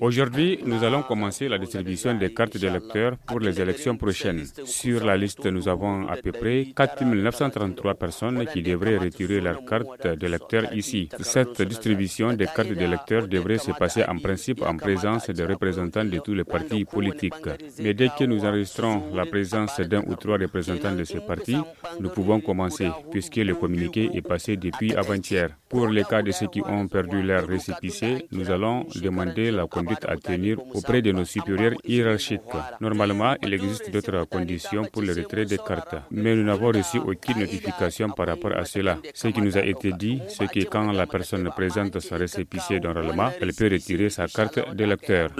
Aujourd'hui, nous allons commencer la distribution des cartes d'électeurs pour les élections prochaines. Sur la liste, nous avons à peu près 4 933 personnes qui devraient retirer leur carte d'électeur ici. Cette distribution des cartes d'électeurs devrait se passer en principe en présence des représentants de tous les partis politiques. Mais dès que nous enregistrons la présence d'un ou trois représentants de ces partis, nous pouvons commencer puisque le communiqué est passé depuis avant-hier. Pour les cas de ceux qui ont perdu leur récépissé, nous allons demander la conduite à tenir auprès de nos supérieurs hiérarchiques. Normalement, il existe d'autres conditions pour le retrait des cartes, mais nous n'avons reçu aucune notification par rapport à cela. Ce qui nous a été dit, c'est que quand la personne présente son récépissé normalement, elle peut retirer sa carte de lecteur.